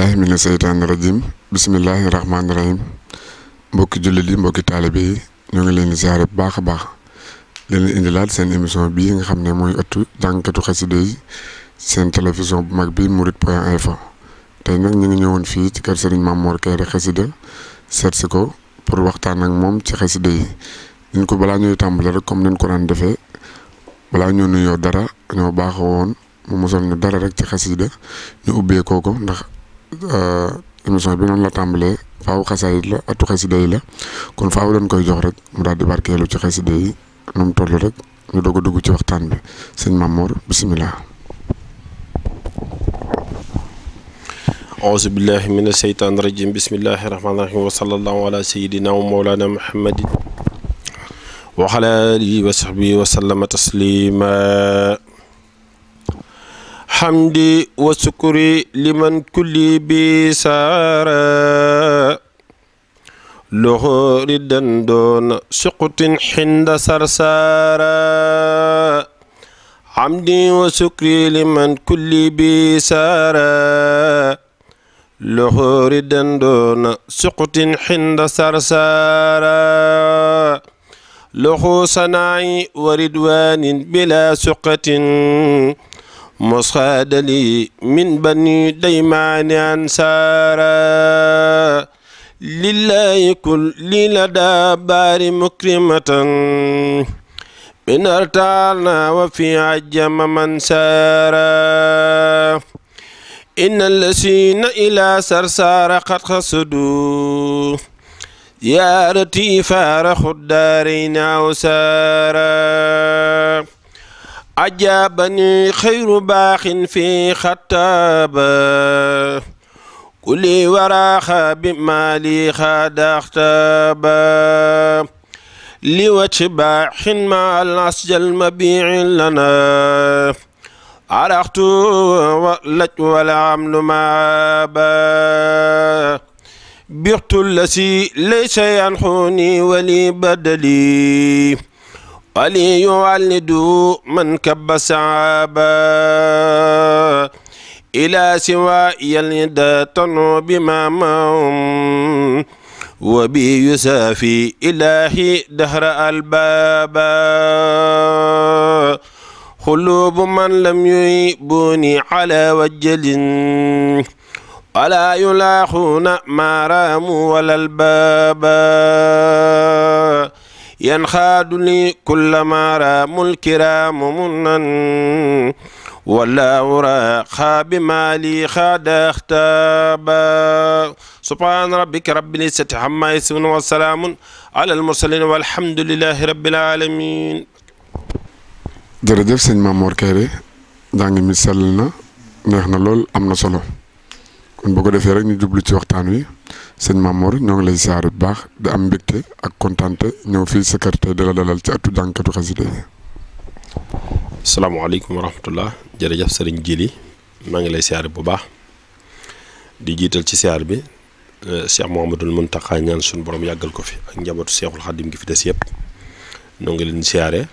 billahi mina seytaani rajim bisimilahi rahmaani rahim mbokki jullit yi mbokki taalibe yi ñoo ngi leen di ziare bu baax a baax leen indilaat seen émission bii nga xam ne mooy attu jàngkatu xasida yi seen télévision bu mag bi murit point info te nag ñu ngi ñëwoon fii ci kër Serigne Mamour Kairé xasida seet si ko pour waxtaan ak moom ci xasida yi niñ ko balaa ñuy tàmbale rek comme niñ ko daan defee balaa ñoo nuyoo dara ñoo baaxoo woon mu mosal ñu dara rek ci xasida ñu ubbee kooko ndax Euh, émission bi noonu la tàmbalee faaw xasaayit la atu xasida yi la kon faaw dañ koy jox rek mu daal di barkeelu ci xasida yi nu mu rek ñu doog a dugg ci waxtaan bi sëñ Mamour a auzu billahi mina seytaani rajim bismillahi rahmaani rahim wa sallallahu ala wa mawlana wa ala alihi حمدي وسكري لمن كل بسارة له ردا دون سقط حند سرسارة حمدي وسكري لمن كل بسارة له ردا دون سقط حند سرسارة له صناعي وردوان بلا سقة مسخاد لي من بني ديمان أنسارا لله كل ليلة بار مكرمة من ارتعنا وفي عجم من سارا إن الذين إلى سرسار قد خسدوا يا رتي فارخ الدارين أوسارا أجابني خير باخ في خطاب كلي وراخ بمالي خاد اختاب لوجه باح مع الأسجى المبيع لنا عرقت ولج والعمل با بيعت الذي ليس ينحوني ولي بدلي وليولد من كب سعابا إلى سواء يلد تنو مام وبي يسافي إلهي دهر البابا خلوب من لم يبوني على وجل ولا يلاحون ما راموا ولا البابا ينخاد لي كل ما رام الكرام منا ولا وراخا بما لي خاد اختابا سبحان ربك رب العزة عما يصفون وسلام على المرسلين والحمد لله رب العالمين jërëjëf sëñ Mame كاري Kairé مثالنا نحن لول امنا neex kon bu ko defee rek ñu jublu ci waxtaan wi sëñ Mamour ñoo ngi lay ziar bu baax di am mbégte ak kontante ñëw fii sa kër tey dala dalal ci atu jànkatu xasida yi. salaamaaleykum wa rahmatullah jërëjëf sëriñ Jili maa ngi lay ziar bu baax di jiital ci ziar bi eh, Cheikh Mouhamadul Mountakha ñaan suñu borom yàggal ko fi ak njabootu Cheikhul Khadim gi fi des yëpp ñoo ngi leen ziare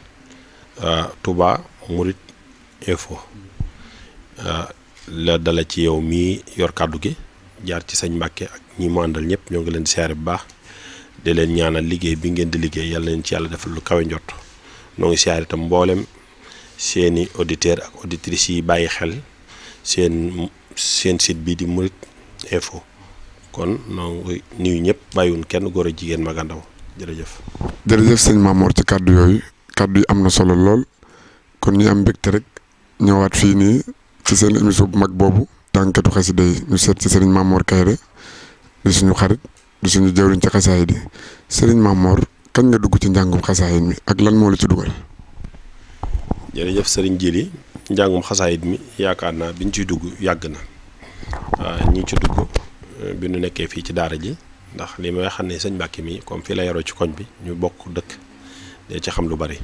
eh, Touba Mouride Info. Eh, la dala ci yow mii yor kàddu gi jaar ci sëñ Mbàkke ak ñi moo àndal ñëpp ñoo ngi leen di siyaare bu baax di leen ñaanal liggéey bi ngeen di liggéey yàlla leen ci yàlla defal lu kawe njott ñoo ngi siyaare itam mboolem seeni auditeurs ak auditrices yi bàyyi xel seen seen site bi di Murit Info kon noo ngi nuyu ñëpp bàyyiwun kenn góor a jigéen mag a ndaw jërëjëf. jërëjëf sëñ Mamour ci kàddu yooyu kàddu yi am na solo lool kon ñu am mbégte rek ñëwaat fii nii. ci seen émission bu mag boobu jànkatu xasida yi ñu seet ci sëriñ Mamor Kayre di suñu xarit di suñu jawriñ ci xasaay di sëriñ Mamor kañ nga dugg ci njàngum xasaayit mi ak lan moo la ci dugal. sëriñ Jili njàngum xasaayit mi yaakaar naa biñ ciy dugg yàgg na waaw ñu ci dugg euh, bi nu nekkee fii ci daara ji ndax li may xam ne sëñ Mbàkke mi comme fii la yaroo ci koñ bi ñu bokk dëkk dee ci xam lu bari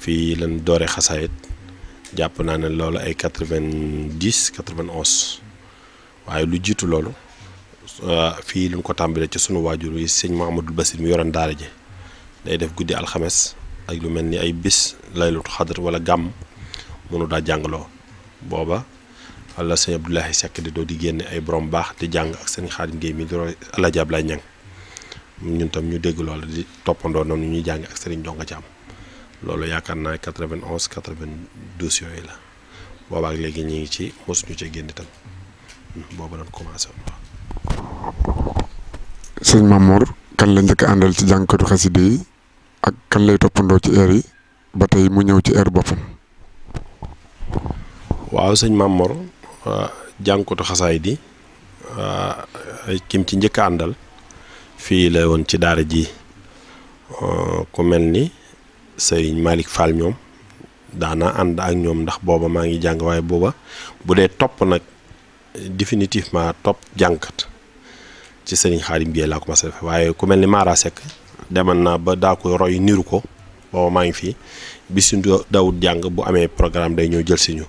fii lan doore xasaayit jàpp naa ne loolu ay quatre vingt dix lu jitu loolu fii lu ko tàmbalee ci sunu waajur yi sëñ Mahamadul Basir mi yoroon daara ji day def guddi alxames ak lu mel ni ay bis laylut xadar wala gàmm mënu daa jàngaloo booba walla sëñ Abdoulahi Seck di doo di génne ay borom baax di jàng ak sëñ Xaadim Géey mi di alajaab lay ñang ñun tam ñu dégg loolu di toppandoo noonu ñuy jàng ak sëriñ donga ci loolu yaakaar naa 91 92 yooyu la boobaak léegi ñu ngi ci mosuñu ci génn itam hmm, boobu doon commencé woon waaw. sëñ Mamour kan la njëkk àndal ci jàngkatu xaside yi ak kan lay toppandoo ci air yi ba tey mu ñëw ci air boppam. waaw sëñ Mamour jàngkatu xasaay di kim ci njëkk àndal fii la woon ci daara ji ku mel ni. sëriñ Malick Fall ñoom daana ànd ak ñoom ndax booba maa ngi jàng waaye booba bu dee topp nag définitivement topp jànkat ci sëriñ Xaadim Biye laa ko mas a def waaye ku mel ni Mara Seck deman naa ba daa ko roy niiru ko booba maa ngi fii bi suñ dawut jàng bu amee programme day ñëw jël si ñu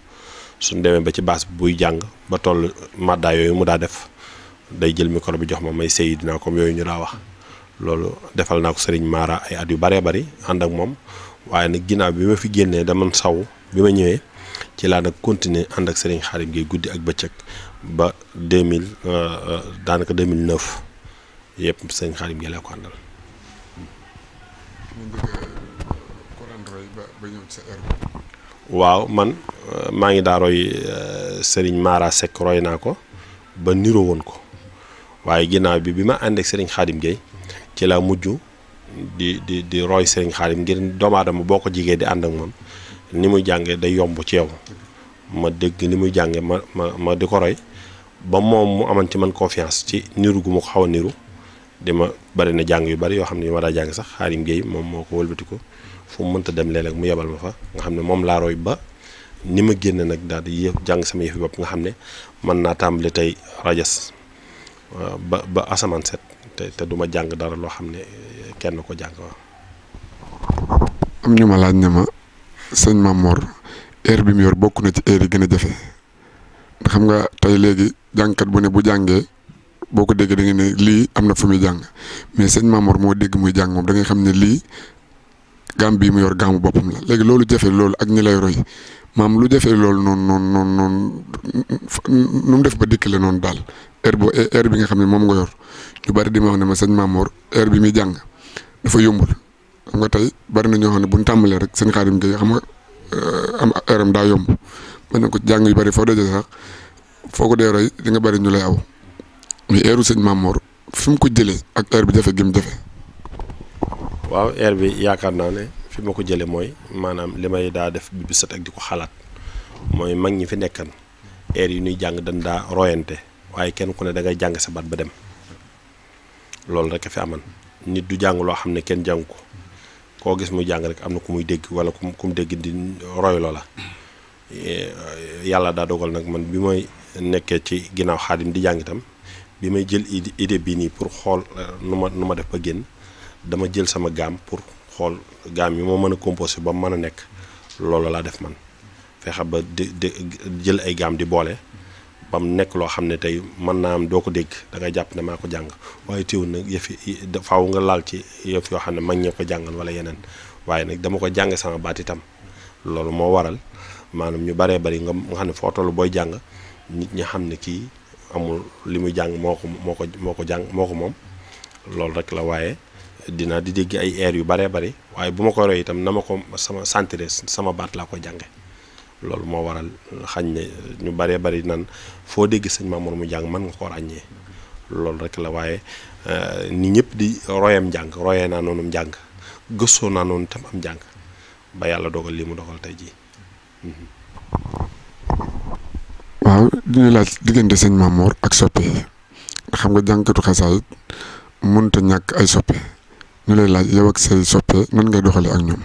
suñ demee ba ci baas buy jàng ba toll maddaa yooyu mu daa def day jël micro bi jox ma may sëy dinaa comme yooyu ñu daa wax loolu defal naa ko sëriñ Mara ay at yu baree bari ànd ak moom waaye nag ginnaaw bi ma fi génnee dama saw bi ma ñëwee ci laa nag continuer ànd ak sëriñ Xaadim gi guddi ak bëccëg ba 2000 euh, euh, daanaka 2009 yëpp sëriñ Xaadim gi laa ko àndal. waaw man euh, maa ngi daa roy sëriñ Mara Seck roy naa ko ba niroo woon ko waaye ginnaaw bi bi ma ànd ak sëriñ Xaadim Gueye ci laa mujj di di di roy Serigne Khadim ngir doomu aadama boo ko jigee di ànd ak moom ni mu jàngee day yomb ci yow ma dégg ni muy jàngee ma ma ma di ko roy ba moom mu aman ci man confiance ci niru gu ma ko xaw a niru ma bari na jàng yu bari yoo xam ne ñu war a jàng sax Khadim Gueye moom moo ko wëlbati ko fu mu mënta dem léeg mu yebal ma fa nga xam ne moom laa roy ba ni ma génn nag daal di yëf jàng sama yëfi bopp nga xam ne mën naa tàmbali tey rajas ba ba asamaan set te duma jàng dara loo xam ne eh, kenn ko jàng waaw. am ñu ma laaj ne ma sëñ Mamor heure bi mu yor bokk na ci heure yi gën a jafe xam nga tey léegi jàngkat bu ne bu jàngee boo ko déggee da nga ne lii am na fu muy jàng mais sëñ Mamor moo dégg muy jàng moom dangay xam ne lii gaam bii mu yor gaamu boppam la léegi loolu jafe loolu ak ñi lay roy maam lu jafee loolu noonu noonu noonu noonu nu mu def ba dikk la noonu daal heure boo eh, heure bi nga xam ne moom nga yor ñu bari di ma wax ne ma sëñ Mamour heure bi muy jàng dafa yombul nga tey bari na ñoo xam ne bu ñu tàmbalee rek seen xaarim gi xam nga eh, am heure am daa yomb mën na ko jàng yu bari foo dajee sax foo ko dee roy di nga bari ñu lay aw mais heure sëñ Mamour fi ko jëlee ak heure bi jafe gi mu jafe. waaw heure bi yaakaar naa ne. fi ma ko jëlee mooy maanaam li may daa def bi set ak di ko xalaat mooy mag ñi fi nekkan heure yu nuy jàng dañ daa royante waaye kenn ku ne da ngay jàng sa baat ba dem loolu rek a fi aman nit du jàng loo xam ne kenn jàng ko koo gis mu jàng rek am na ku muy dégg wala ku ku mu dégg di roy loola eh, yàlla daa dogal nag man bi mooy nekkee ci ginnaaw xaadim di jàng itam bi may jël idée bii nii pour xool eh, nu ma nu ma def ba génn dama jël sama gaam pour xool gaam yi moo mën a composé ba mu mën a nekk loolu laa def man fexe ba di di jël ay gaam di boole ba mu nekk loo xam ne tey mën naa am doo ko dégg da ngay jàpp ne maa ko jàng waaye teewul nag yëf yi faaw nga laal ci yëf yoo xam ne mag ñoo ko jàngal wala yeneen waaye nag dama ko jàng sama baat itam loolu moo waral maanaam ñu baree bari nga xam ne foo toll booy jàng nit ñi xam ne kii amul li muy jàng moo ko moo ko moo ko jàng moo ko moom loolu rek la waaye. dinaa di dégg ay air yu baree bari waaye bu ma ko roy itam na ma ko sama sentir sama baat laa ko jànge loolu moo waral xañ ne ñu baree bari nan foo dégg sëñ Mamour mu jàng mën nga ko ràññee loolu rek la waaye euh, ni ñëpp di royam jàng royee naa noonu jàng gëstoo naa noonu tam am jàng ba yàlla dogal li mu dogal tey jii. Mm-hmm. waaw dina laaj diggante sëñ Mamour ak soppe xam nga jàngkatu xasaayit mënut a ñàkk ay soppe. ñu lay laaj yow ak say soppe nan ngay doxalee ak ñoom.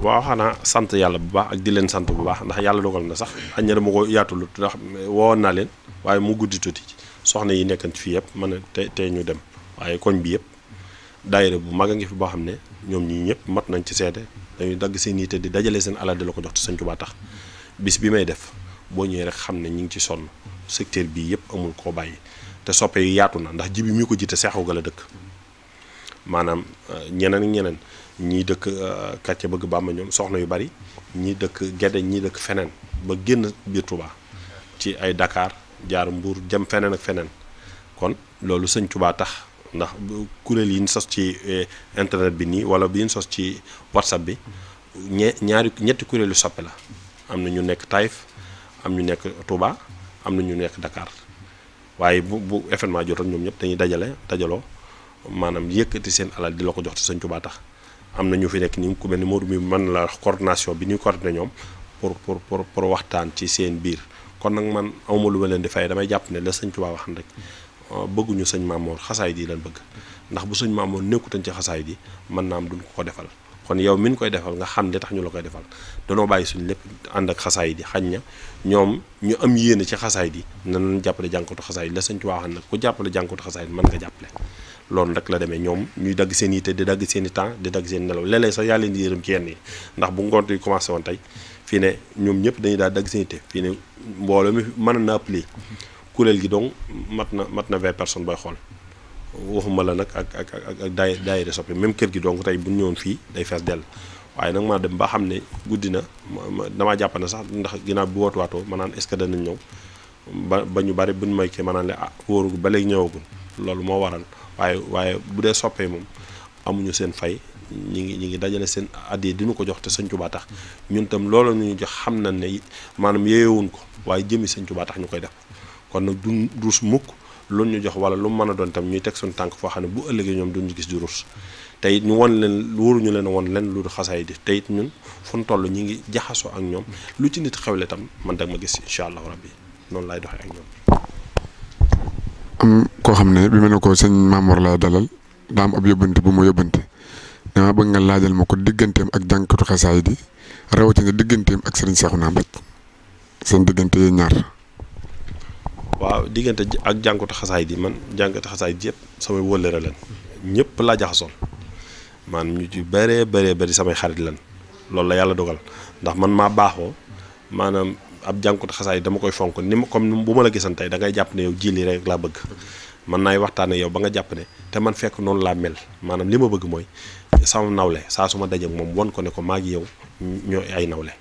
waaw xanaa sant yàlla bu baax ak di leen sant bu baax ndax yàlla dogal na sax xëy na dama ko yaatulu ndax woowoon naa leen waaye mu guddi tuuti soxna yi nekkan fii yëpp mën a te tey ñu dem waaye koñ bi yëpp daayira bu mag a ngi fi boo xam ne ñoom ñii ñëpp mat nañ ci seete dañuy dagg seen yitte di dajale seen alal di la ko jox te Sëñ Tuubaa tax bis bi may def boo ñëwee rek xam ne ñi ngi ci sonn secteur bii yëpp amul koo bàyyi te soppe yi yaatu na ndax jibi mi ko jiite seexu ga la dëkk manam euh, ñeneen ñeneen ñi dëkk euh, quartier bëgg bamba ñom soxna yu bari ñi dëkk gédé ñi dëkk fenen ba génn biir Touba ci ay Dakar jaar Mbour jëm fenen ak fenen kon loolu sëñ Touba tax ndax kurel yi ñu sos ci euh, internet bi ni wala bi sos ci whatsapp bi ñaari ñetti kurel yu soppe la am na ñu nekk taif am ñu nekk Touba am na ñu nekk Dakar waye bu bu événement jot ñom ñep dañuy dajalé dajalo maanaam yëkkati seen alal di la ko jox te Sëñ Tuubaa tax am na ñu fi nekk ni ku mel ni man mi mën la coordination bi ñuy coordonné ñoom pour pour pour pour waxtaan ci seen biir kon nag man awma lu ma leen di fay damay jàpp ne la Sëñ Tuubaa waxan rek euh, bëgguñu sëñ Maamoor xasaay di lan bëgg ndax bu sëñ Maamoor nekkutan ci xasaay di mën naa am duñ ko ko defal kon yow min koy defal nga xam li tax ñu la koy defal danoo bàyyi suñ lépp ànd ak xasaay di xañ na ñoom ñu am yéene ci xasaay di nañu jàppale jànkatu xasaay di la sëñ Tuubaa waxan nag ku jàppale jànkatu xasaay di mën nga jàppale loolu rek la demee ñoom ñuy dagg seen yitte di dagg seen temps di dagg seen nelaw léeg-léeg sax yaa leen di yërëm ci yenn yi ndax bu ngont yi commencé woon tey fii ne ñoom ñëpp dañuy daal dagg fii ne mbooloo mi mën na appeler kuréel gi donc mat na mat na vingt personnes booy xool waxuma la nag ak ak ak ak daay daayira soppi même kër gi donc tey bu ñëwoon fii day fees dell waaye nag maa dem ba xam ne guddi na damaa jàpp ne sax ndax ginnaaw bi wootu waatoo maanaam est-ce que danañ ñëw ba ba ñu bari buñ moykee maanaam le ah wóorugu ba léegi ñëwagul loolu moo waral waaye waaye bu dee soppee moom amuñu seen fay ñi ngi ñi ngi dajale seen addiya di ñu ko jox te sëñ Tuubaa tax ñun tam loolu ñu jox xam nañ ne maanaam yeewuñ ko waaye jëmi sëñ ñu koy def kon nag du ruus mukk lu ñu jox wala lu mën a doon tam ñuy teg suñu tànk foo xam ne bu ëllëgee ñoom duñu gis di ruus tey it ñu won leen waruñu leen won leen lu dul xasaay di te it ñun fu ñu toll ñi ngi jaxasoo ak ñoom lu ci nit xewle tam man dag ma gis incha allahu rabbi noonu laay doxee ak ñoom am ko xamne bi mel ko Mamour la dalal da am ab yobante bu mo yobante dama bëgg nga lajal mako ko ak jànkatu xasaay di nga digganteem ak sëriñ Seexuna Mbàkke seen diggante yee ñaar. waaw diggante ak jankatu di man jankatu xasaay di yëpp samay wóllëre lan ñëpp la jaxol man ñu ci bare bare bëri sama xarit lan loolu la yalla dogal ndax man ma baxo manam ab jànkut xasaay dama koy fonk ni ma comme bu ma la gisan dangay da ngay jàpp ne yow jili rek laa bëgg man naay waxtaane yow ba nga jàpp ne te man fekk noonu laa mel maanaam li ma bëgg mooy sama nawle saa su ma dajeek moom won ko ko maa ngi yow ñoo ay nawle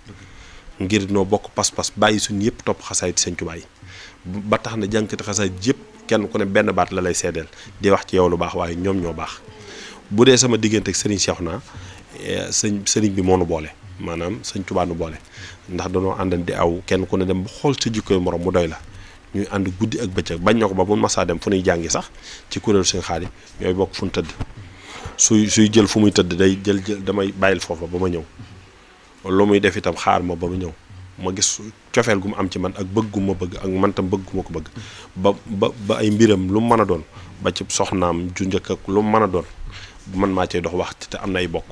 ngir noo bokk pas-pas bàyyi suñu yëpp topp xasaayit Sëñ Tuubaa yi ba tax na jànkati xasaayit yëpp kenn ku ne benn baat la lay seedeel di wax ci yow lu baax waaye ñoom ñoo baax bu dee sama diggante ak Serigne Cheikhouna eh, sëñ sëriñ bi moo nu boole maanaam Sëñ Tuubaa boole ndax danoo àndan di aw kenn ku ne dem bu xool sa jikkoy moroom mu doy la ñuy ànd guddi ak bëccëg bañ na ko ba bu masaa dem fu ñuy jàngi sax ci kuréelu seen xaalis ñooy bokk fu ñu tëdd suy suy jël fu muy tëdd day jël jël damay bàyyil foofa ba ma ñëw lu muy def itam xaar ma ba ma ñëw ma gis cofeel gu mu am ci man ak bëgg gu ma bëgg ak man tam ko bëgg ba ba ba ay mbiram lu mën a doon ba ci soxnaam ju njëkk ak lu mën a doon man maa cay dox wax te am na ay bokk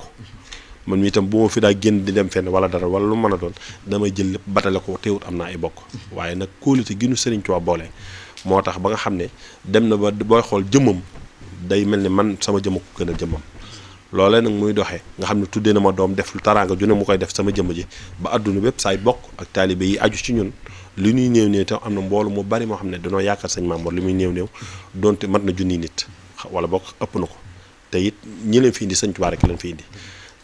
man mi itam bu fi daa génn di dem fenn wala dara wala lu mën a doon damay jël lépp batale ko teewut am na ay bokk waaye nag kóolute gi nu Sëriñ Tuubaa boole moo tax ba nga xam ne dem na ba booy xool jëmmam day mel ni man sama jëmm ko gën a loolee nag muy doxee nga xam ne tuddee na ma doom def taraanga ju mu koy def sama jëmm ji ba adduna bépp saay bokk ak taalibe yi aju ci ñun li ñuy néew néew tam am na mboolu mu bari moo xam ne dañoo yaakaar sëñ Mamour li muy néew néew donte mat na junniy nit wala bokk ëpp na ko te it ñi leen fi indi sëñ Tuubaa rek leen fi indi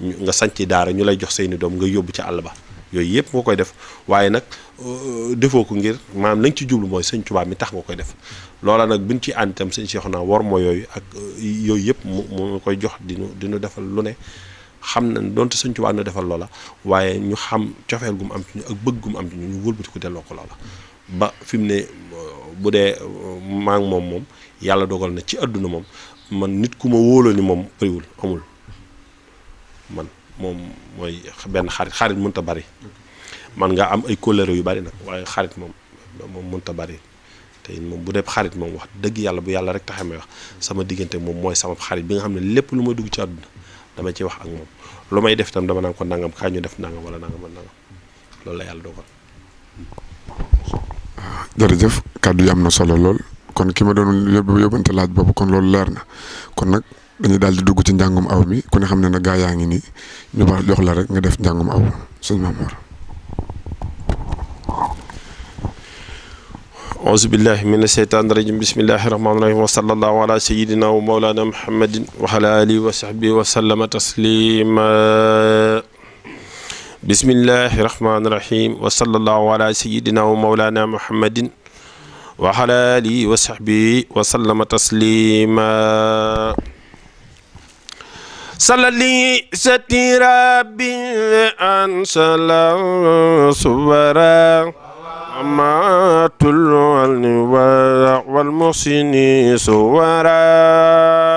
nga ci daara ñu lay jox seeni doom nga yóbbu ci àll ba yooyu yëpp nga koy def waaye nag euh, defoo ko ngir maanaam lañ ci jublu mooy sëñ Tuubaa mi tax nga koy def loola nag bi ci ànd itam sëñ Cheikh naa war moo yooyu ak euh, yooyu yëpp mu mu koy jox dinu dinu defal lu ne xam na doonte sëñ Tuubaa na defal loola waaye ñu xam cofeel gum am ci ñu ak bëgg gum am ci ñu ñu wëlbati ko delloo ko loola ba fi mu ne euh, bu dee maa moom moom yàlla dogal na ci àdduna moom man nit ku ma wóoloo ni moom bëriwul amul man moom mooy benn xarit xarit mënut ta bari man nga am ay kóllëre yu bari nag waaye xarit moom moom mun ta bari te moom bu def xarit moom wax dëgg yàlla bu yàlla rek tax may wax sama diggante moom mooy sama xarit bi nga xam ne lépp lu may dugg ci àdduna dama ci wax ak moom lu may def itam dama naan ko nangam kaa ñu def nangam wala nangam ak nangam loolu la yàlla dogal. jërëjëf kàddu yi am na solo lool kon ki ma doon yóbbante laaj boobu kon loolu leer na kon nag. dañuy daal di dugg ci njàngum aw mi ku ne xam ne na gaa yaa ngi nii ñu ba jox la rek nga def njàngum aw suñ maam war aousubillahi min asheytaan rajim bismillahi rahmaani rahim wa sallallahu ala sayidina wa maulana muhammadin wa ala alihi wa sahbihi wa sallama taslima bismillahi rahmaani rahim wa sallallahu ala sayidina wa maulana muhammadin wa ala alihi wa sahbihi wa sallama taslima صلى لي ستي ربي أن صلى صبرا أما تلو النباء والمحسن صورا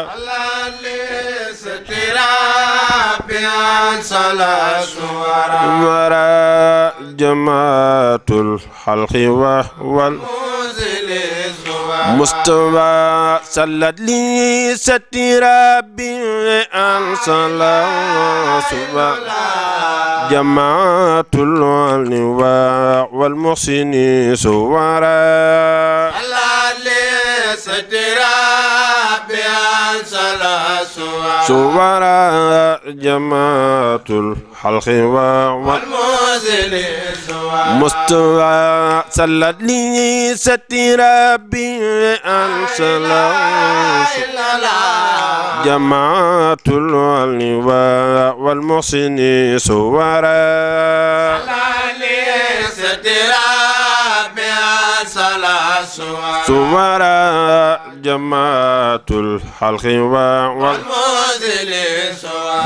صلى لي ستي ربي أن صلى صبرا جماعة الحلق وهو مستوى صلت لي ستي ربي أن سبا جماعة الوالي والمحسن سوارا الله لي ستي ربي سوارا جماعة الحلق والموزن مستوى سلت لي ستي ربي أن جماعة الولواء والمحسن سوارا سلت لي ستي ربي سمرا جماعة الحلق والمزل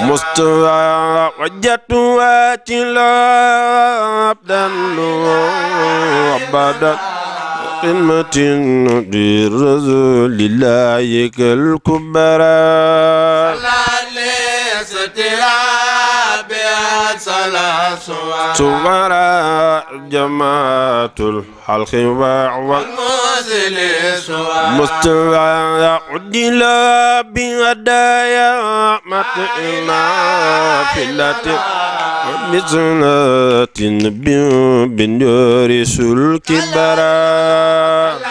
مستوى وجدت واتلا أبدا أبدا قمة برسول الله الكبرى سلاسوا جماعة الحلق والموزل سوا مستوى يعدل بهدايا ما متئنا في اللاتي بسنة بنور سلك البراء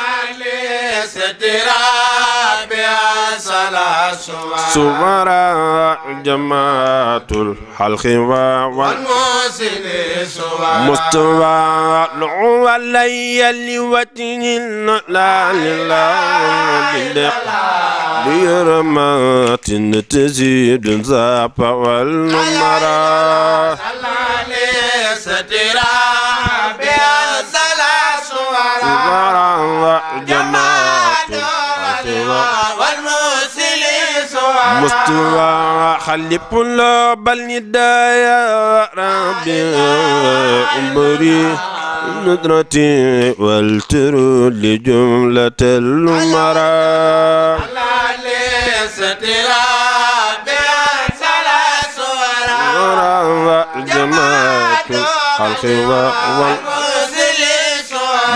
سترى سوارا جماعة الحلق سوارا مستوى لعو علي لوجه لا لله ليرمات تزيد زابا والنمرا سترى سوارا سوارا جماعة مستوى خلف الله بل يا ربي أمري ندرتي والتر لجملة الأمراء على لسترا بأسلا سورا جماعة الخوى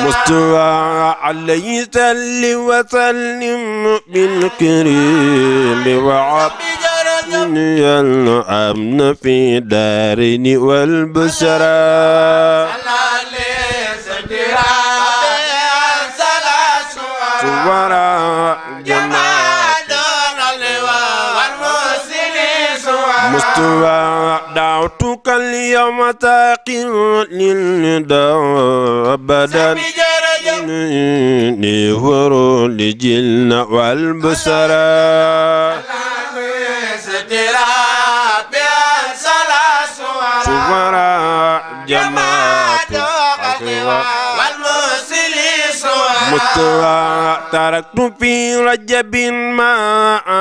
مستوى عليه سل وسلم بالكريم وعطني الأمن في دارني والبشرى صورا جمال مستوى دعوت ربك اليوم تاقين للنداء أبدا نيفر لجلن والبسرا سورا جماعة مستوى تركت في رجب ما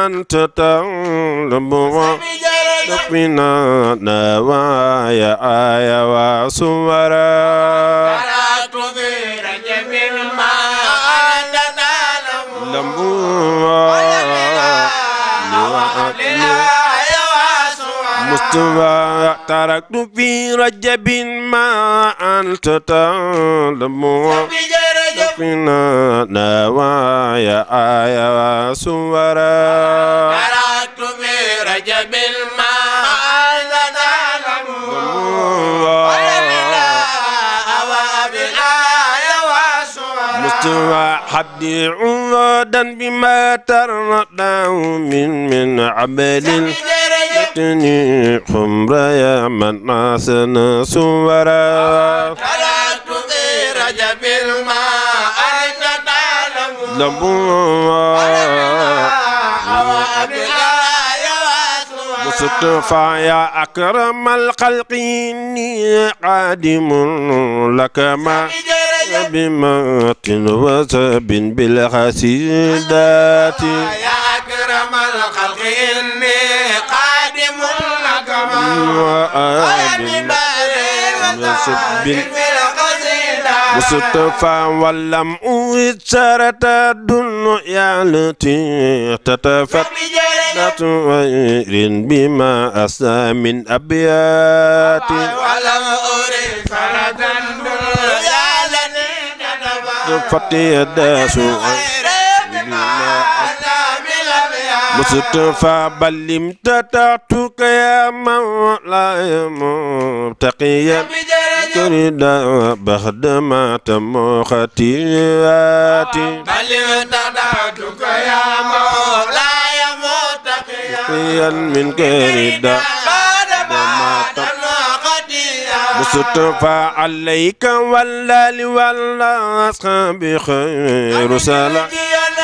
أنت تغلب ربنا نوايا آيا وصورا تركت في رجب ما أنت تغلب ربنا نوايا مستوى تركت في رجب ما أنت تعلم فينا نوايا آيا وسورا تركت في رجب ما أنت تعلم مستوى حبدي عوادا بما ترى من من عمل تركتني حمر يا من عسنا سورا تركت في رجب الماء أنت تعلم صدفا فيا أكرم الخلق إني قادم لك ما بمتن وسب بالخسيدات يا أكرم الخلق إني قادم لك ما وسب مصطفى ولم أوي سرت الدنيا التي تتفت قصة غير بما أسى من أبيات ولم أري فردا بالرجالني ندبا فتي الداس غير بما أسى من أبيات مصطفى بل امتتعتك يا مولاي مبتقيا تريد بعد ما تم خطيئاتي بل امتتعتك يا مولاي فيا من قريدا مصطفى عليك لولا أصحاب خير سلام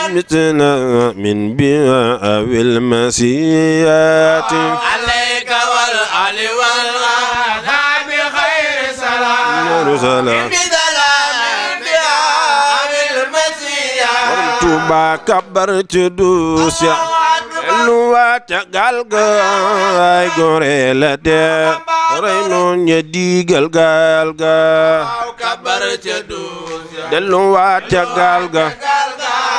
متنا من بها أو المسيات عليك لولا أصحاب خير سلام قلت ما كبرت دوسيا delluwaat ca gaal ga ay gore la diigal gaal ga delluwaat ca gaal ga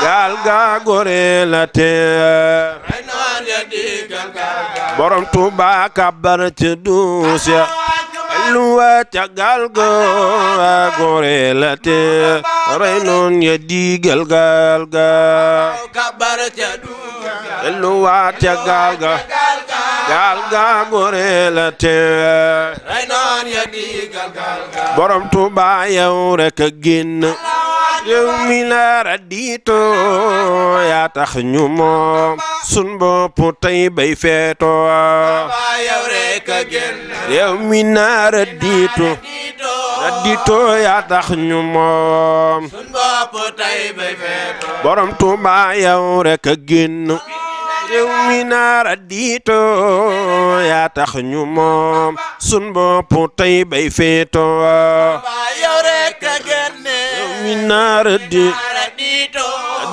gaal ga gore la dee borom Tuuba kabar ca duus wa caggal ga gore la te rey ya digal gal ga dellu wa caggal ga gal ga gore la te rey ya digal gal ga borom Tuuba yow rek a yow mi la tax ñu moom bay feeto yow rek a génn yow tax ñu moom sun bopp tey bay feeto borom Tuuba yow rek a génn réew mi naara diito yaa tax ñu moom sun bopp tey bay feeto minaara di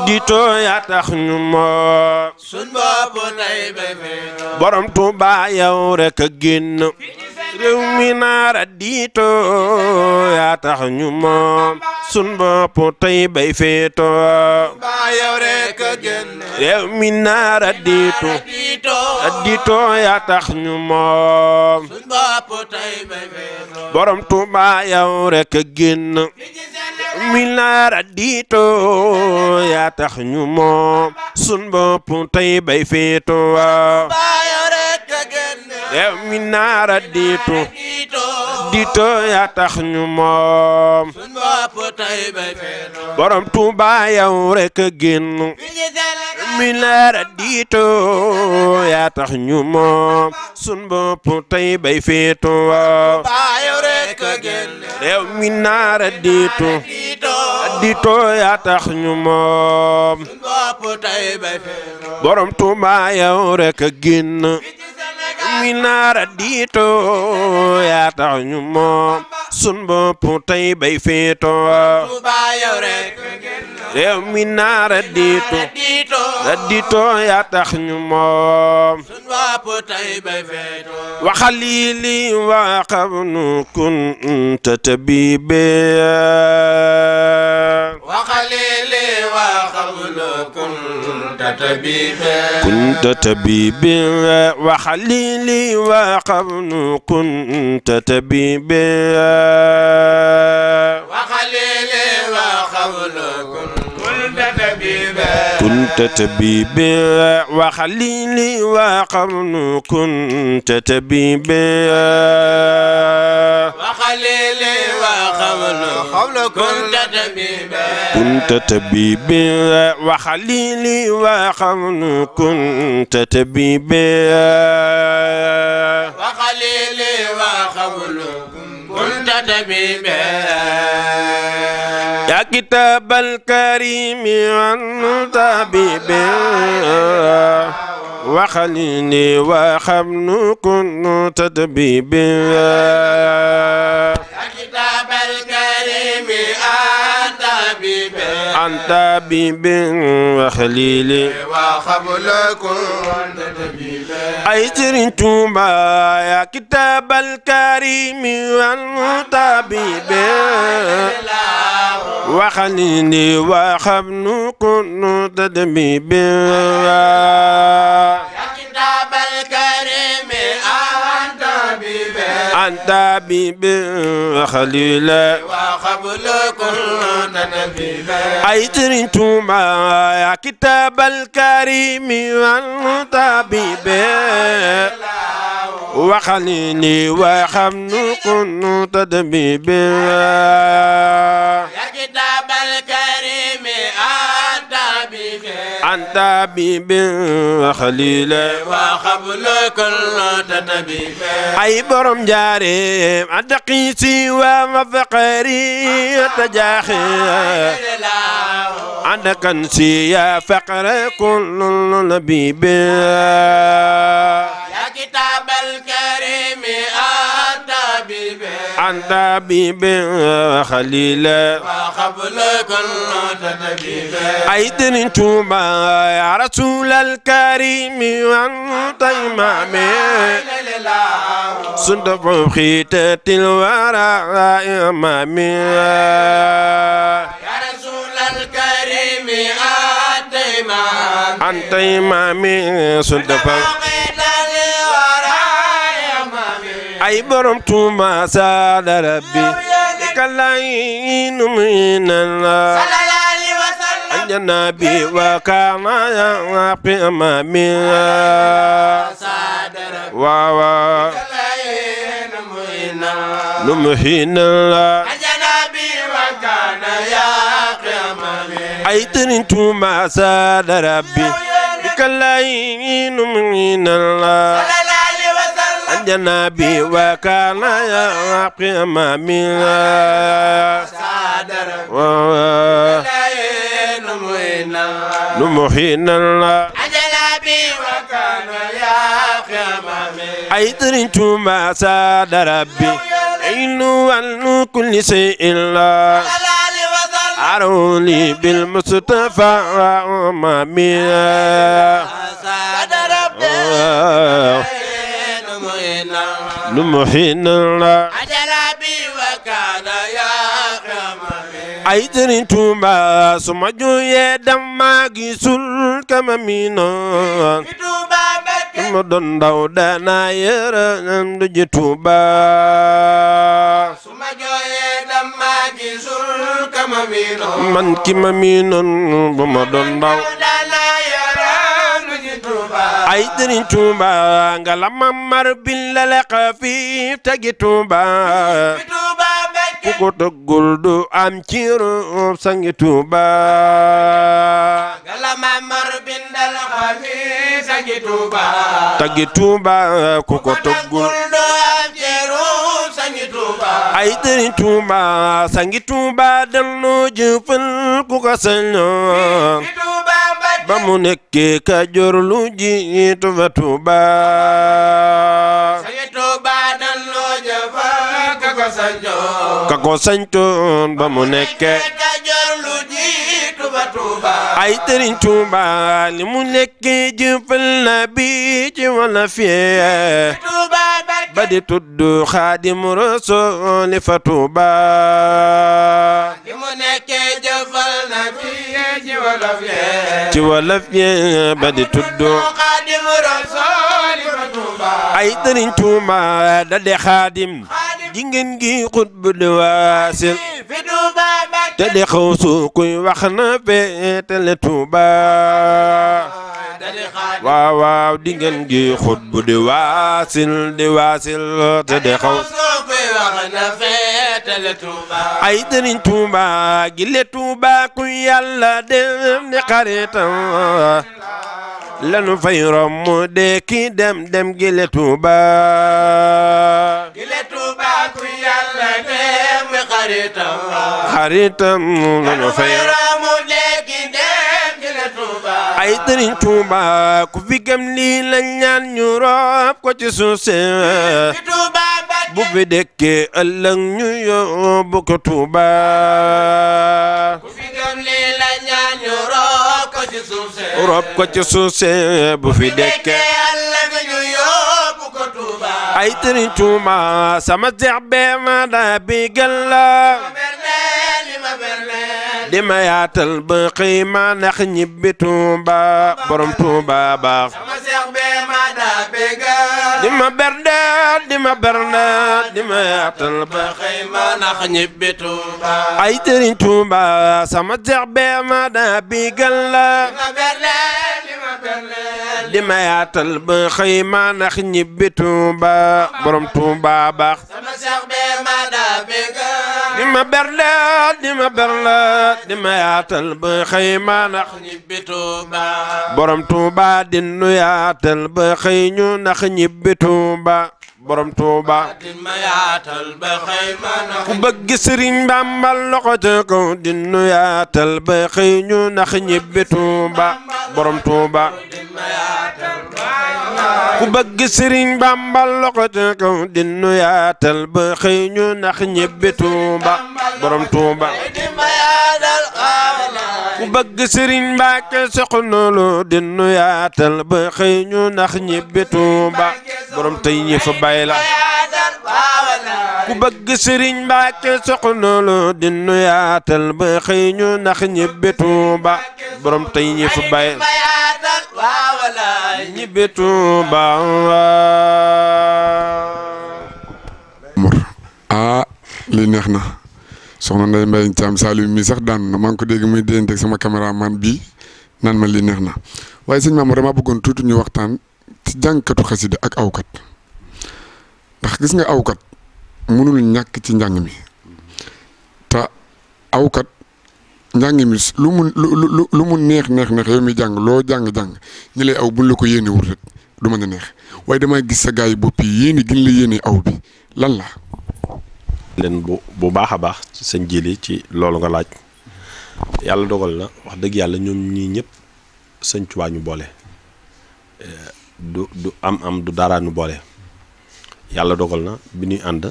dito yaa tax ñu moom sun borom Tuubaa yow rek a génn réew mi naara diitoo yaa tax ñu moom sun bopp tey bay féetoo baa yow rek a génn réew mi naara a diitoo yaa tax ñu moom sun bopp tey tax ñu moom sun bopp tey bay féetoo yow mi naara diitu diito yaa tax ñu moom borom Tuuba yow rek a génn mi naara diito yaa tax ñu moom sun bopp tey bay féetu waaw yow mi naara diito diito yaa tax ñu rek a génn mina radito yaa tax ñu moom sun bopp tey bay féetoo réew mi naa radito radito yaa tax ñu moom وخليلي وقبن كنت تبيبي وخليلي وقبن كنت تبيبي كنت تبيبي وخليلي لي وقبل كنت تبيبا وخليلي وقبل كنت كنت تبيبي وخليلي وقرن كنت تبيبي وخليلي وقرن كنت تبيبي كنت تبيبي وخليلي وقرن كنت تبيبي وخليلي وقرن كنت تبيبي الكتاب الكريم عن طبيب وخليني وخبن كن تدبيب الكتاب الكريم أنت بيب وخليلي وخبل كنت تبيبا أي ترين توبا يا كتاب الكريم وأنت بيب وخليلي وخبل كنت تبيبا عن تابيب وخليلا وقبل كل نبيلا أيترنتما يا كتاب الكريم عن تابيب وخليلي وخمن كن تدبيبا عن تبيب وخليل وقبل كل تتبيب أي برم جاري عن تقيسي وفقري تجاخي عن كنسي يا فقر كل نبيب يا كتاب الكريم أنت بيبي عن طبيب وخليل وقبل كل تنبيب أيدن توبا يا رسول الكريم وأنت إمامي صندوق خيتة الورى إمامي يا رسول الكريم أنت إمامي أنت إمامي صندوق ay borom tuuma saada rabbi kalayin minallah anjana bi wa kana ya fi amami wa wa numhinallah anjana bi wa kana ya fi amami ay tirin tuuma saada rabbi kalayin جنبي وكان يقيم من سادر نمحينا أجل بي وكان يقيم من أيدرنت ما ساد ربي عين عن كل شيء الله أروني بالمصطفى أمامي ساد ربي لمحين عجل بي وكان يا ay jëriñ Tuuba su ma jooyee dama gisul kama miinoon ma doon ndaw daana yëra nam du ji Tuuba su ma jooyee dama gisul kama miinoon man ki ma bu ma doon ndaw ay dëriñ Tuuba nga la mamar bin la leq fii tegi Tuuba ku ko tëggul du am ci sangi Tuuba nga Tuuba tegi Tuuba ku ko tëggul am ci sangi Tuuba ay dëriñ Tuuba sangi Tuuba dal nu jëfal ku ko sañoo ba mu nekkee Kajoor lu jiitu fa Tuubaa sañu Tuubaa dan loo ka ko sañtoon ba mu nekkee Kajoor lu jiitu fa Tuubaa ay Sëriñ Tuubaa li mu nekkee jëfal na bi ci wala fee ba di tudd Xaadimu Rasuul fa Tuubaa jëfal ci wolof yee. ba di tudd. xaadim rasool ba Tuuba. ay sëriñ Tuuba da de xaadim. jingeen gi xut bu di waasil. fi Tuuba te de xaw kuy wax na fee tele Tuuba. waaw waaw di ngeen gi xut bu di waasil di waasil te de xaw ay dëriñ tuuba gi le tuuba ku yàlla dem di xaritam lanu fay romb de ki dem dem gi le tuuba gi le tuuba ku yàlla dem di xaritam xaritam lanu fay romb de ki dem ay sëriñ Tuuba ku fi gëm lii lañ ñaan ñu roob ko ci suuf si ko ci suuf bu fi dëkkee ëllëg ñu yóbbu ko Tuuba ay sëriñ Tuuba sama seex bee daa bi gën la ma berne li ma berne di ma yaatal ba xëy ma nax ñibbi Tuuba borom Tuuba baax sama jeex bee ma daa bigal la di ma yaatal ba xëy ma nax ñibbi Tuuba borom Tuuba baax li ma berle li ma berle li ma yaatal ba xëy ma nax ñibbi Tuuba borom Tuuba dinu yaatal ba xëy ñu nax ñibbi Tuuba borom Tuuba ma yaatal ba xëy ma nax ku bëgg Sëriñ Bàmba loxo ca kaw dinu yaatal ba xëy ñu nax ñibbi Tuuba borom Tuuba ma yaatal ku bëgg sëriñ bàmbal loxo ca kaw dinu yaatal ba xëy nax ñebbi tuuba borom tuuba ku bëgg sëriñ Mbàkke soxna lu dinu yaatal ñu nax ñibbi Tuuba borom tey ñi fa bay ku bëgg sëriñ Mbàkke soxna lu dinu yaatal ñu nax ñibbi Tuuba borom tey ñi fa bay la ñibbi Tuuba ah li neex na soxna nday mbay Thiam salu mi sax dan na man ko deg muy déyanteeg sama cameraman bi nan ma li neexna na waaye sëñ Mamour damaa bëggoon tuuti ñu waxtaan ci jankatu khassida ak awkat ndax gis nga awkat mënul ñak ci njang mi ta awkat njang mi lu mu lu mu neex neex neex yow mi jang lo jang jang ñi lay aw bu lu ko yene wut du neex way dama gis sa gaay yi bopp yi la yene aw bi lan la leen bu bu baax a baax ci sëñ jili ci loolu nga laaj yàlla dogal na wax dëgg yàlla ñoom ñii ñëpp sëñ ñu boole eh, du du am am du dara ñu boole yàlla dogal na bi ñuy ànd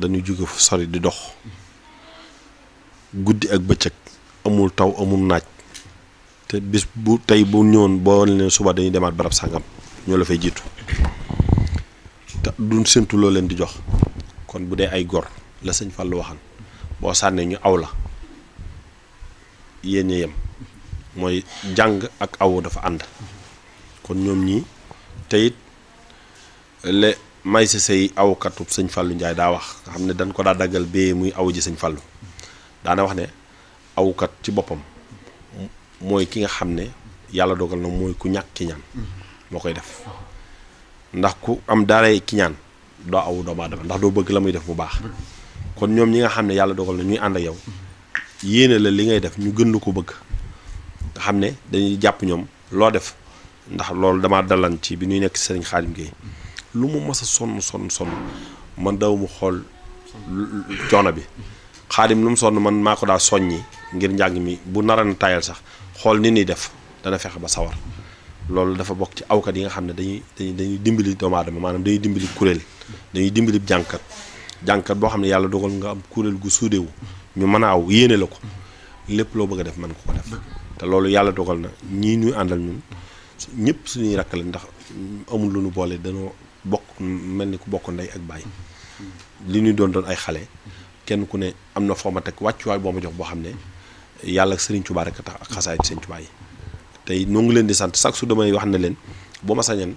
dañu jóge fu sori di dox guddi ak bëccëg amul taw amul naaj te bis bu tey bu ñëwoon boo leen suba dañuy demaat barab sàngam ñoo la fay jiitu te duñ séntu loo leen di jox kon bu dee ay gor la sëñ Fallou waxan boo sànnee ñu aw la yéen yem mooy jàng ak awu dafa ànd kon ñoom ñi te it le may sa say awkatub sëñ Fallou Ndiaye daa wax nga xam ne dañ ko daa daggal bee muy aw ji sëñ Fallou daana wax ne awkat ci boppam mooy ki nga xam ne yàlla dogal na mooy ku ñàkk ki moo koy def ndax ku am daaray ki doo aw doomaa aadama ndax doo bëgg la muy def bu baax kon ñoom ñi nga xam ne yàlla dogal na ñuy ànd ak yow yéene la li ngay def ñu gën lu ko bëgg nga xam ne dañuy jàpp ñoom loo def ndax loolu dama dalan ci bi ñuy nekk sëriñ Xaadim Gueye lu mu mas a sonn sonn sonn man daw mu xool coono bi xaadim lu mu sonn man maa ko daa soññi ngir njàng mi bu narana tayal sax xool ni ni def dana fexe ba sawar loolu dafa bokk ci awkat yi nga xam ne dañuy dañuy dimbali doomu aadama maanaam dañuy dimbali kuréel dañuy dimbali jànkat jànkat boo xam ne yàlla dogal nga am kuréel gu suudewu ñu mën a aw yéene la ko lépp loo bëgg a def mën ko def te loolu yàlla dogal na ñii ñuy àndal ñun ñëpp suñuy rakkale ndax amul lu ñu boole dañoo bokk mel ni ku bokk ndey ak bàyyi li ñuy doon doon ay xale kenn ku ne am na foo ma teg wàccuwaay boo ma jox boo xam ne yàlla ak Sëriñ Tuubaa rek a tax ak xasaay Sëriñ Tuubaa tey noo ngi leen di sant chaque jour damay wax na leen boo ma sañan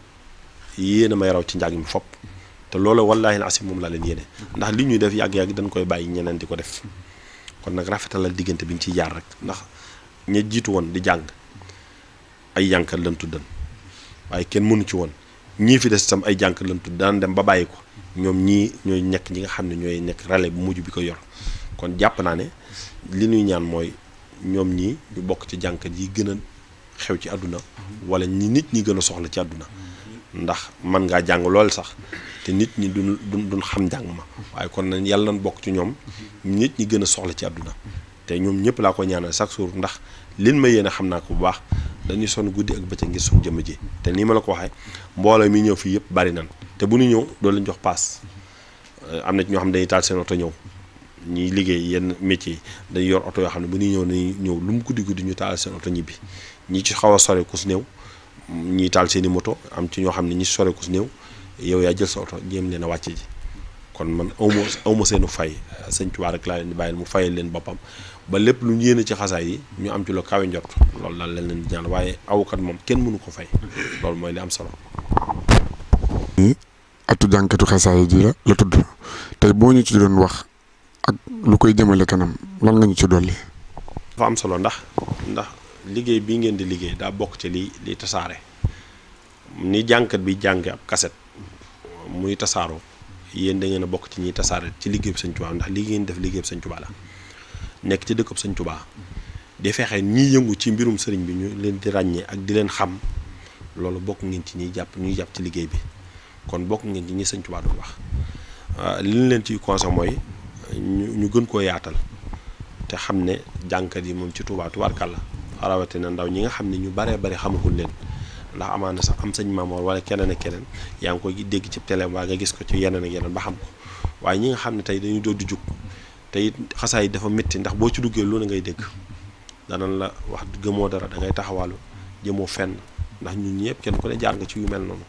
yéen a may raw ci njàng mi fopp te loolu wallaahi asim moom laa leen yéene ndax li ñuy def yàgg-yàgg dañ koy bàyyi ñeneen di ko def kon nag rafetalal diggante bi ñu ciy jaar rek ndax ña jiitu woon di jàng ay jànkat lañ tuddan waaye kenn mënu ci woon ñii fi des itam ay jànkat lañ tudd daan dem ba bàyyi ko ñoom ñii ñooy nekk ñi nga xam ne ñooy nekk relais bu mujj bi ko yor kon jàpp naa ne li ñuy ñaan mooy ñoom ñii ñu bokk ci jànkat yi gën a xew ci àdduna wala ñi nit ñi gën a soxla ci àdduna ndax man ngaa jàng lool sax te nit ñi duñ dun duñ xam njàng ma waaye kon nañ yàlla nañ bokk ci ñoom nit ñi gën a soxla ci àdduna te ñoom ñëpp laa ko ñaanal chaque jour ndax lin ma yéene xam naa bu baax dañuy sonn guddi ak bëccëg ngir suñu jëmm ji te nii ma la ko waxee mbooloo mi ñëw fii yëpp bari nan te bu ñu ñëw doo leen jox paas am na ñoo xam ne dañuy taal seen oto ñëw ñuy liggéey yenn métier yi dañuy yor oto yoo xam ne bu ñuy ñëw dañuy ñëw lu mu guddi guddi ñu taal seen oto ñibbi ñi ci xaw a sore ku si néew ñiy taal seen i moto am ci ñoo xam ne ñi sore ku si néew yow yaa jël sa oto jéem leen a wàcce ji kon man awma awma seenu fay sëñ Tuubaa rek laa leen di bàyyil mu fayal leen boppam ba lépp lu ñu yéene ci xasaay yi ñu am ci lu kawe njort loolu daal leen leen di ñaan waaye awkat moom kenn mënu ko fay loolu mooy li am solo. atu jànkatu xasaay yi la la tudd tey boo ñu ci doon wax ak lu koy jëmale kanam lan nga ñu ci dolli. dafa am solo ndax ndax. liggéey bii ngeen di liggéey daa bokk ci li li tasaare ni jànkat bi jàng ab kaset muy tasaaroo yéen dangeen a bokk ci ñiy tasaare ci liggéeyub Sëñ Tuubaa ndax li ngeen def liggéeyub sañ Tuubaa la nekk ci dëkkub sañ Tuubaa di fexe ñiy yëngu ci mbirum sëriñ bi ñu leen di ràññee ak di leen xam loolu bokk ngeen ci ñiy jàpp ñuy jàpp ci liggéey bi kon bokk ngeen ci ñi Sëñ Tuubaa doon wax ah, li ñu leen ci conseil mooy ñu ñu gën koo yaatal te xam ne jànkat yi moom ci Tuubaa tubaarkàlla rawatina ndaw ñi nga xam ne ñu baree bari xamakul leen ndax amaana sax am sëñ Mamoor wala keneen ak keneen yaa ngi koy dégg ci télé waa nga gis ko ci yeneen ak yeneen ba xam ko waaye ñi nga xam ne tey dañuy doon di jug tey it xasaay yi dafa métti ndax boo ci duggee lu ne ngay dégg danañ la wax gëmoo dara da ngay taxawaalu jëmoo fenn ndax ñun ñëpp kenn ku ne jaar nga ci yu mel noonu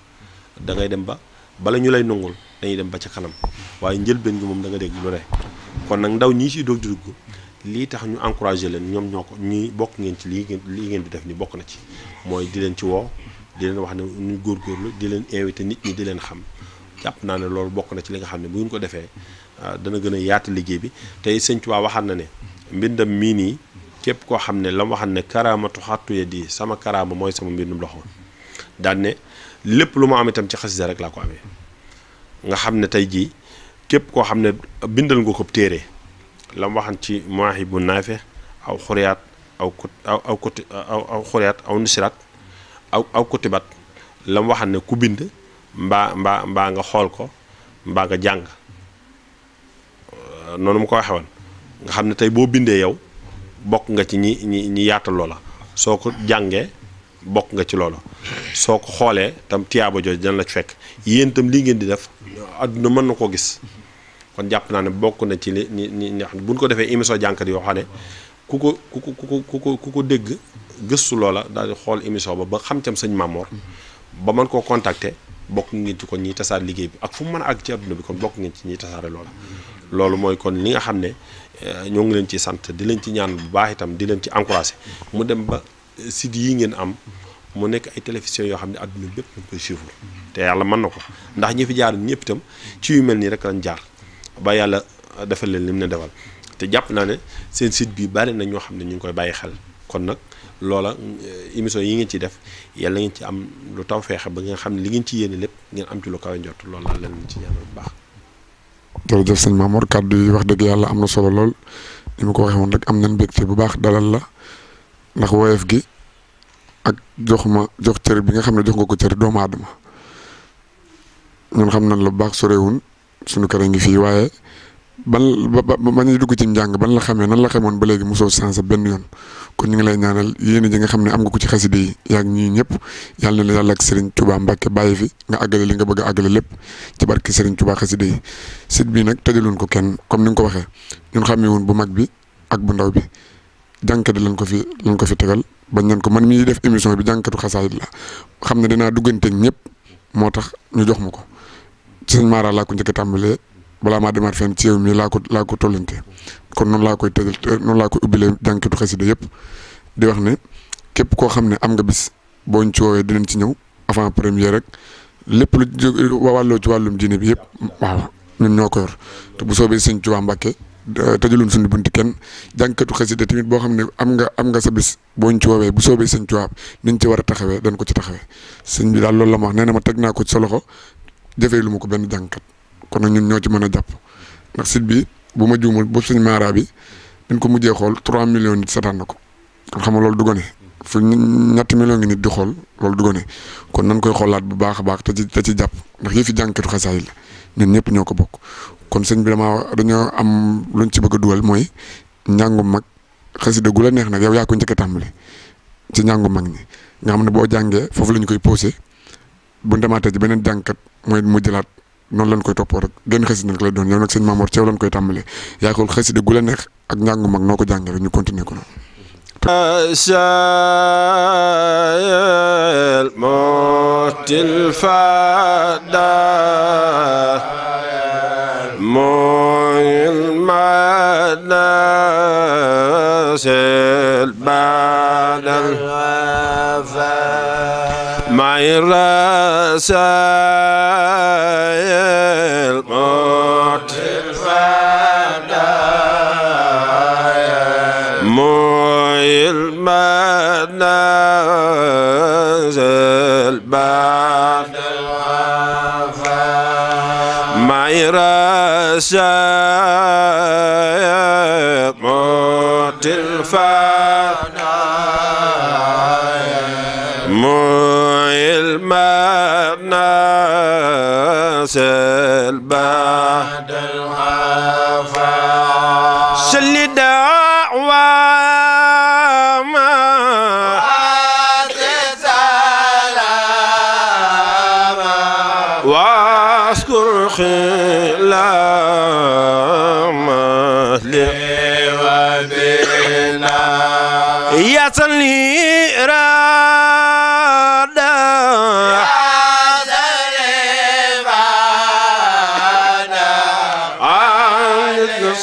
dangay dem ba bala ñu lay nungul dañuy dem ba ci kanam waaye njëlbeen gi moom da nga dégg ne kon nag ndaw ñii ciy doog di dugg lii tax ñu encouragé leen ñoom ñoo ko ñi bokk ngeen ci lii ngeen lii ngeen di def ni bokk na ci mooy di leen ci woo di leen wax ne ñu góorgóorlu di leen invité nit ñi di leen xam jàpp naa ne loolu bokk na ci li nga xam ne bu ñu ko defee ah, dana gën a yaata liggéey bi tey sëñ Tuubaa waxaan na ne mbindam mii nii képp koo xam ne la mu waxaan ne karaamatu xattu di sama karaama mooy sama mbindum loxo daan ne lépp lu ma am itam ci xasida rek laa ko amee nga xam ne tey jii képp koo xam ne bindal nga ko téere lam waxan ci Mawaahibu Naafi aw xuriyaat aw kut aw aw kuti aw aw xuriyaat aw nisiraat aw aw kutibaat lam waxan ne ku bind mbaa mbaa mbaa nga xool ko mbaa nga jàng euh, noonu mu ko waxee woon nga xam ne tey boo bindee yow bokk nga ci ñi ñi ñi yaatal loola soo ko jàngee bokk nga ci loola soo ko xoolee tam tiyaaba jooju dana la ci fekk yéen itam lii ngeen di def àdduna mën na koo gis kon japp na ne bokku na ci ni ni ni buñ ko defé émission jankat yo xam kuko kuko kuko kuko kuko deg geussu lola ko dégg di émission ba ba xam cam señ Mamor ba man ko contacter bokku ngi ci kon ñi tassar liggéey bi ak fu mu ak ci aduna bi kon bokku ngi ci ñi tasaare lola lolu moy kon li nga xam eh, ñoo ngi leen ci sant di leen ci ñaan bu baax itam di leen ci encourager mu dem ba eh, sid yi ngeen am mu nek ay télévision yo xam aduna bepp ñu ko suivre te yalla man nako ndax ñi fi jaar ñepp itam ci yu melni rek lañ jaar ba yàlla defal leen lim ne defal te jàpp naa ne seen site bi bari na ñoo xam ne ñu ngi koy bàyyi xel kon nag loola euh, émission yi ngeen ci def yàlla ngeen ci am lu taw feexe ba nga xam ne li ngeen ci yéene lépp ngeen am ci lu kawe njort loolu laa leen ci ñaanal bu baax. jërëjëf sëñ Mamour kàddu yi wax dëgg yàlla am na solo lool ni ma ko waxee woon rek am nañ mbégte bu baax dalal la ndax woyof gi ak jox ma jox cër bi nga xam ne jox nga ko cër doomu aadama ñun xam nañ la baax sorewun suñu kër a ngi fii waaye ban ba ba ñuy dugg ci njàng ban la xamee nan la xamoon ba léegi mosoo sensé benn yoon kon ñu ngi lay ñaanal yéen ji nga xam ne am nga ko ci xaside yi yaa ngi ñii ñëpp yàlla la yàlla ak Serigne Touba bàyyi fi nga àggale li nga bëgg a àggale lépp ci barke Serigne Touba xaside yi site bi nag tëjaloon ko kenn comme ni nga ko waxee ñun xamee woon bu mag bi ak bu ndaw bi jànkati lañ ko fi lañ ko fi tegal bañ nañ ko man mii def émission bi jànkatu xasaayit la xam ne dinaa dugganteeg ñëpp moo tax ñu jox ma ko. ci sëñ Mara laa ko njëkk a tàmbalee balaa maa demaat fenn ci yow mii laa ko laa ko tollante kon noonu laa koy tëjal noonu laa koy ubbilee jànkitu xasida yëpp di wax ne képp koo xam ne am nga bis boo ñu ci woowee dinañ ci ñëw avant première rek lépp lu jóg wàlloo ci wàllum diine bi yëpp waaw ñun ñoo ko yor te bu soobee sëñ Tuubaa Mbàkke tëjaloon suñu bunti kenn jànkatu xasida tamit boo xam ne am nga am nga sa bis boo ñu ci woowee bu soobee sëñ Tuubaa niñ ci war a taxawee dañ ko ci taxawee sëñ bi daal loolu la ma wax nee na ma teg naa ko ci sa jëfee lu ma ko benn jàngkat kon nag ñun ñoo ci mën a jàpp ndax site bi bu ma juumul bu suñ maaraa bi dañ ko mujjee xool 3 millions nit seetaan na ko kon xam nga loolu du gone fu ñetti millions ngi nit di xool loolu du kon nañ koy xoolaat bu baax a baax te ci te jàpp ndax yëfi jàngkatu xasaay la ñun ñëpp ñoo ko bokk kon sëñ bi damaa dañoo am luñ ci bëgg a mooy njàngu mag xasida gu la neex nag yow yaa ko njëkk a tàmbali ci njàngu mag ñi nga xam ne boo jàngee foofu la ñu koy posé bu ñu demaatee ci beneen jàngkat mooy mu jëlaat noonu koy toppoo rek genn xasida nag lay doon yow nag sëñ Mamoor Ceew lañ koy tàmbalee yaa ko xasida gu la neex ak njàngu mag noo ko jàngee rek ñu continuer ko noonu. موي الرسائل موت الفداء موي المنازل بعد الوفاء موت الفداء وسل بعد الوفاء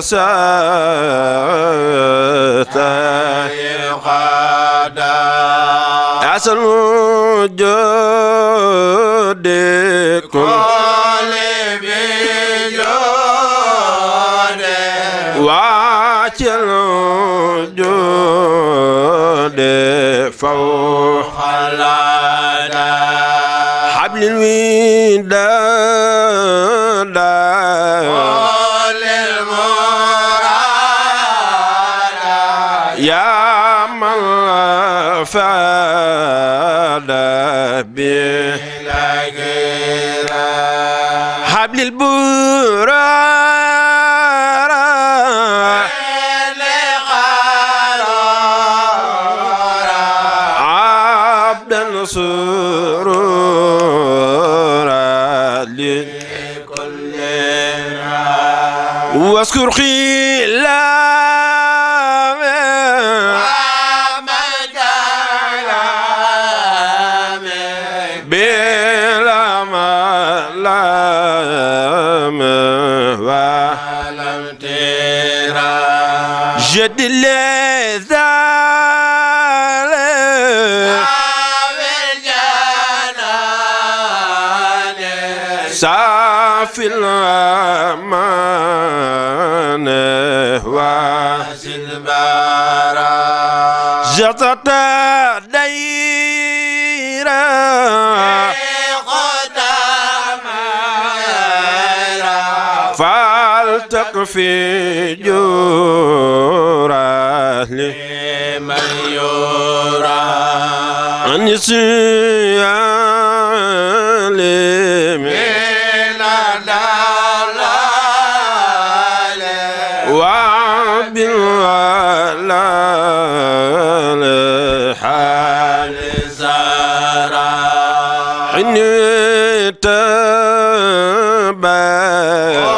ساتا جودكم كل بجود جود فوق حبل الوداد يا من فعل بالغير حبل البرار عبدا سرورا لكل واذكر خلال جد الليل في الأمان واسل بارا جطت دي في جوره لمن يرى عن السيال من الدلال وعب الله حال زرع حين تبال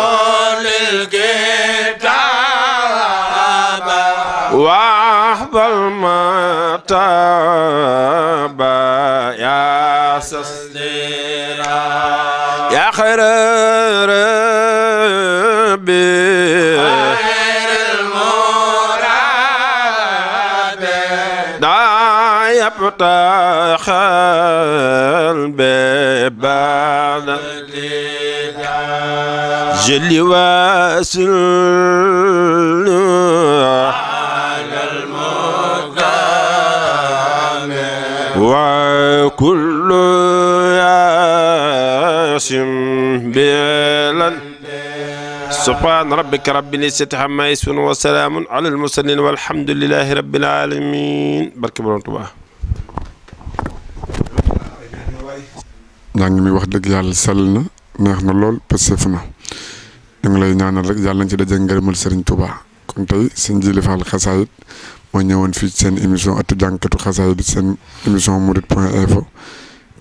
تاب يا سستيرا يا خير ربي خير المراد دا يفتح الباب جلي واسل على المقام وكل ياسم بلن سبحان ربك رب العزة عما يصفون وسلام على المرسلين والحمد لله رب العالمين بركة بروم Tuubaa njàng mi wax dëgg yàlla sell na neex na lool pësef na ñu ngi lay ñaanal rek yàlla nañ ci daje ngërëmal Serigne Touba kon tey sëñ Jili Fall xasaayit moo ñëwoon fii seen émission ëttu jànkatu xasaay bi seen émission murit point info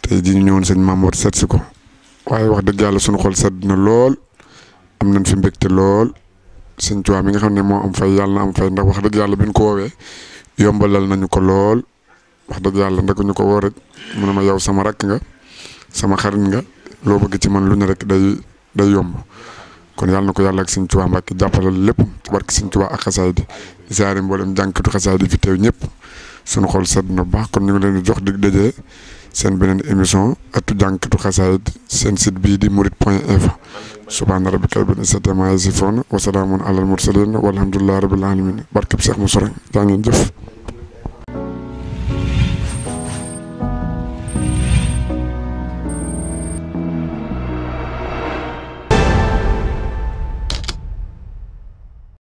tey jii ñu ñëwoon sëñ Mamour seet si ko waaye wax dëgg yàlla suñu xol sedd na lool am nañ fi mbégte lool sëñ Tuubaa mi nga xam ne moo am fay yàlla am fay ndax wax dëgg yàlla bi ñu ko woowee yombalal nañu ko lool wax dëgg yàlla ndax ñu ko woo rek mu ne ma yow sama rakk nga sama xarit nga loo bëgg ci man lu ne rek day day yomb kon yàlla na ko yàlla ak sëñ Tuubaa Mbàkke jàppalal lépp ci sëñ Tuubaa ak bi ziare mboolem jànkatu xasaay di fi teew ñëpp sunu xol sedd na baax kon ñu ngi leen di jox dig daje seen beneen émission ëttu jànkatu xasaay seen site bii di murit point info subhaana rabbika rabbil izzati ammaa yasifuun wa salaamun alal mursaliin walhamdulillahi rabbil aalamiin barkeb Seex Musaa jaa ngeen jëf